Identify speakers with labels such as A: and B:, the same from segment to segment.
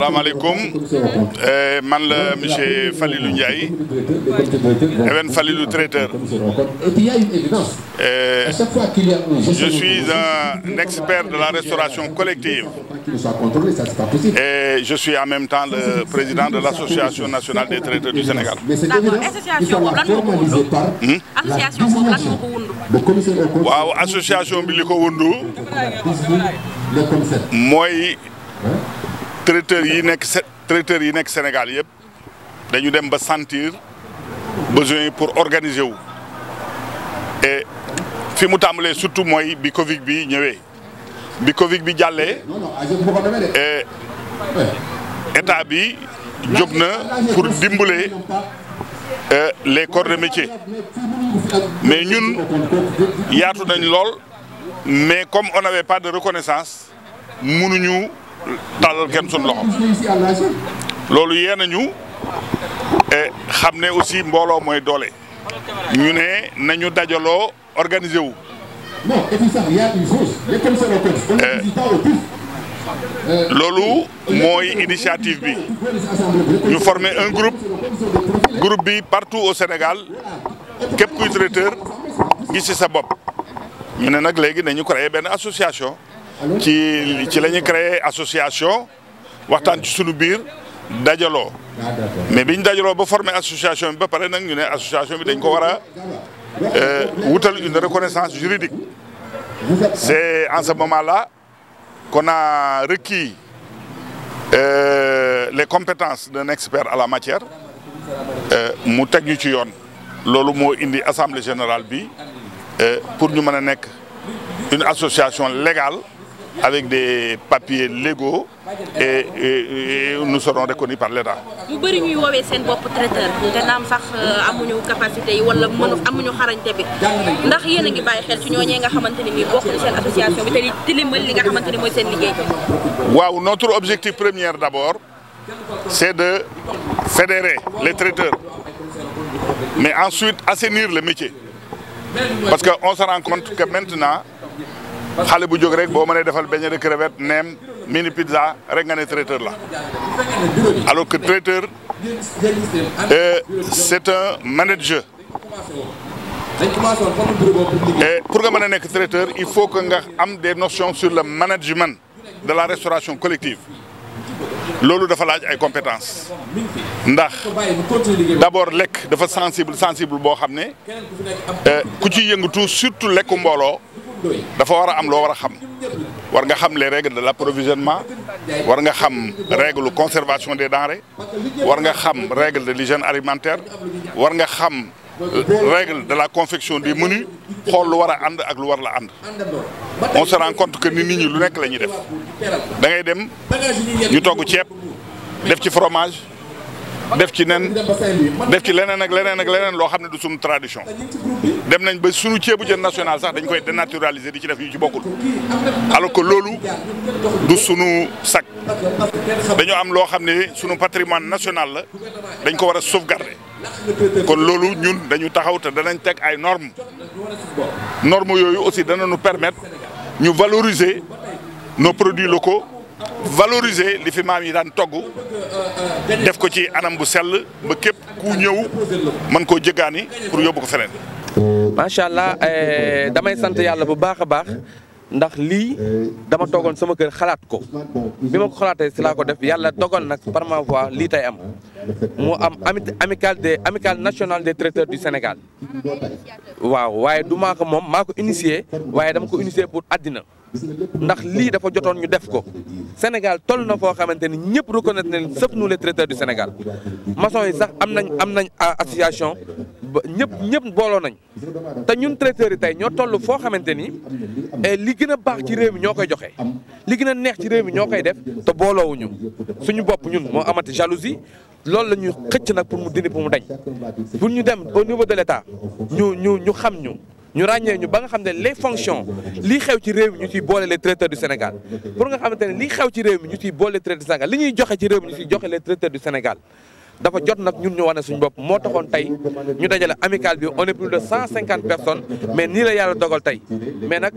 A: salaamaaleykum eh, man la monsieur Falilou Ndiaye Even Falilou traiteur eh, je suis un expert de la restauration collective et je suis en même temps le président de l'association nationale des traiteurs du Sénégal. waaw association bi li ko traiteurs yi nekk traiteurs yi nekk Sénégal yëpp dañu dem ba santir besoin yi pour organiser wu et fi mu tàmbalee surtout mooy bi Covid bi ñëwee bi Covid bi jàllee et bi jóg na pour dimbalee euh, les corps de métier mais ñun yaatu nañ lool mais comme on n'avait pas de reconnaissance mënuñu. tàllal kenn suñ loxo loolu yee nañu eh, xam ne aussi mbooloo mooy doole ñu ne nañu dajaloo organiser wu. Eh. Eh, loolu mooy initiative bi ñu former un groupe groupe bi partout au Sénégal képp kuy traiteur gis ci sa bopp ñu ne nag léegi nañu ko benn association. ci ci la ñu créé association waxtaan ci sunu biir dajaloo. mais biñ dajaloo ba formé association bi ba pare nag ñu ne association bi dañ ko war a euh, wutal une reconnaissance juridique. c'est en ce moment-là qu'on a requis euh, les compétences d'un expert à la matière euh, mu teg ñu ci yoon loolu moo indi assemblée générale bi euh, pour ñu mën a nekk une association légale avec des papiers légaux et, nous serons reconnus par l'État. ñu bëri ñuy woowee seen bopp traiteur te naam sax euh, amuñu capacité yi wala mënu amuñu xarañte bi ndax yéen a ngi bàyyi xel ci ñooñee nga xamante ne nii seen association bi te li tilimal nga xamante mooy seen liggéey. waaw notre objectif premier d'abord c'est de fédérer les traiteurs mais ensuite assainir le métier parce que on se rend que maintenant. xale bu jóg rek boo mënee defal beignet de crevette neem mini pizza rek nga ne traiteur la alors que traiteur euh, c'est un manager et pour nga mën a nekk traiteur il faut que nga am des notions sur le management de la restauration collective loolu dafa laaj ay compétence ndax d'abord lekk dafa sensible sensible boo xam ne euh, ku ci yëngatu surtout lekku mbooloo dafa war a am loo war a xam war nga xam les règles de l'approvisionnement war nga xam règle conservation des denrées war nga xam règle de l'hygiène alimentaire war nga xam règle de la confection des menus xool lu war a ànd ak lu war la ànd on se rend compte que nit ñi lu nekk la ñuy def da ngay dem ñu togg ceeb def ci fromage def ci nen def ci leneen ak leneen ak leneen loo xam ne du suñu tradition dem nañ ba suñu ceebu jën national sax dañu koy dénaturaliser di ci def yu ci bokkul alors que loolu du suñu sac dañoo am loo xam ne sunu patrimoine national la dañ ko war a sauvegarder kon loolu ñun dañu taxaw te danañ teg ay normes norme yooyu aussi dana ñu permettre ñu valoriser nos produits locaux valoriser li fi maam yi daan togg def ko ci anam bu sell ba képp ku ñëw mën koo jëggaani pour yóbbu ko feneen. macha allah eh, damay sant yàlla bu baax a baax.
B: ndax lii dama toogoon sama kër xalaat ko bi ma ko xalaatee si laa ko def yàlla dogal nag par ma voix lii tey am mu am amicale des amicale national des traiteurs du Sénégal waaw waaye du maa ko moom maa ko initié waaye dama ko initié pour àddina ndax lii dafa jotoon ñu def ko Sénégal toll na foo xamante ni ñëpp reconnaître nañ sëf nous les traiteurs du Sénégal maçon yi sax am nañ am nañ association ba ñëpp ñëpp booloo nañ te ñun traiteurs yi tey ñoo toll foo xamante ni eh, li gën a baax ci réew mi ñoo koy joxe li gën a neex ci réew mi ñoo koy def te booloowuñu suñu bopp ñun moo amati jalousie loolu la ñuy xëcc nag pour mu dindi pour mu dañ pour ñu dem au niveau de l'État ñu ñu ñu xam ñu. ñu ràññee ñu ba nga xam ne les fonction lii xew ci réew mi ñu ciy boole les traiteurs du Sénégal pour nga xamante ne lii xew ci réew mi ñu ciy boole les traiteurs li ñuy joxe ci réew mi joxe les traiteurs du Sénégal. dafa jot nag ñun ñu na suñu bopp moo taxoon tey ñu dajale amical bi on est plus de cent cinquante personnes mais nii la yàlla dogal tey mais nag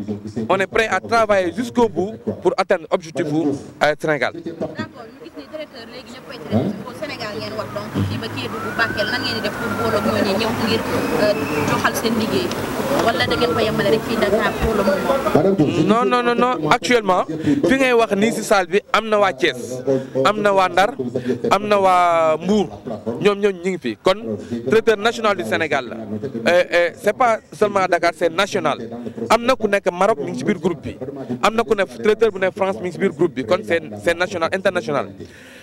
B: on est prêt à travailler jusqu'au bout pour atteindre objectif bu euh, Sénégal gis ni directeur
A: nan ngeen di def pour booloo
B: ñooñu euh, actuellement fi ngay wax ni si salle bi am na waa Thiès am na waa Ndar am na waa Mbour ñoom ñoom ñu ngi fi kon traiteur national du Sénégal la c' est pas seulement Dakar c' national am na ku nekk Maroc mi ngi si biir groupe bi am na ku nekk traiteur bu nekk France mi ngi bi kon c' national international.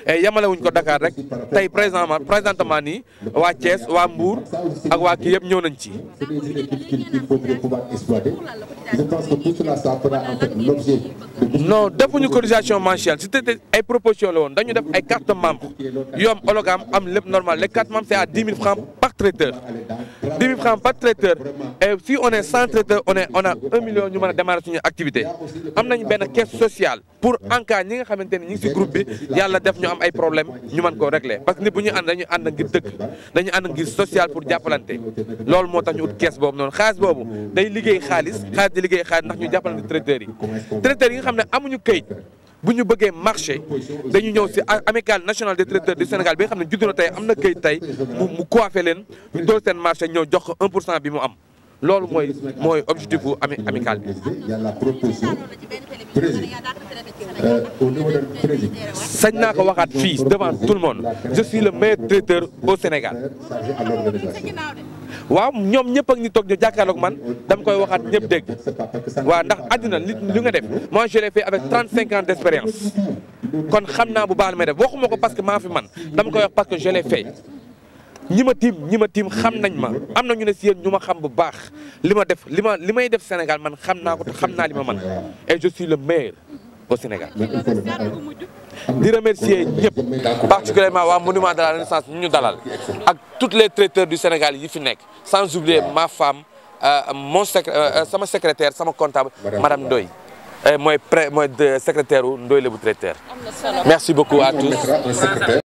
B: Eh, yamalewuñ ko Dakar rek tey présentement présentement nii waa Thiès waa Mbour ak waa kii yëpp ñëw nañ ci. c'est des initiatives qu'il faudrait pouvoir exploiter. Je pense que tout cela ça fera en fait l'objet non defuñu cotisation mensuelle c'était ay proposition la woon dañu def ay carte membre yoom hologramme am lépp normal les cartes membres c'est à 10 000 francs par traiteur. prend pas de traiteur et si on est sans traiteur on est un million ñu mën a démarrer suñu activité am nañu benn caisse social pour en cas ñi nga xamante ne ñi ngi si group bi yàlla def ñu am ay problème ñu mën koo régler parce que nit bu ñu ànd dañu ànd ngir dëkk dañu ànd ngir social pour jàppalante loolu moo tax ñu ut caisse boobu noonu xaalis boobu day liggéey xaalis xaalis di liggéey xaalis ndax ñu jàppalante traiteurs yi traiteurs yi nga xam ne amuñu këyit bu ñu bëggee marché dañu ñëw si amicale nationale des traiteurs du Sénégal bi nga xam ne juddu na tey am na këyit tey mu mu leen ñu door seen marché ñëw jox ko 1 bi mu am loolu mooy mooy objectif bu ami amicale bi. Euh, sañ naa ko waxaat fii devant tout le monde je suis le meilleur traiteur au Sénégal. waaw ñoom ñëpp ak ñi toog ñu jàkkaarloog man dam koy waxaat ñëpp dégg waaw ndax àddina nit li nga def moi je l'ai fait avec trente cinq ans d' kon xam naa bu baax la may def waxuma ko parce que maa fi man dam koy wax parce que je l'ai fait ñi ma tiim ñi ma tiim xam nañ ma am na ñu ne si yéen ñu ma xam bu baax li ma def li ma li may def Sénégal man xam naa ko xam naa li ma man et je suis le meilleur au Sénégal di remercier ñëpp particulièrement waa monument de la renaissance ñu ñu dalal ak toutes les traiteurs du Sénégal yi fi nekk sans oublier ma femme euh, mon euh, euh, sama secrétaire sama comptable madame Ndoye mooy pré mooy secretaire u Ndoye Lebou traiteur merci beaucoup à tous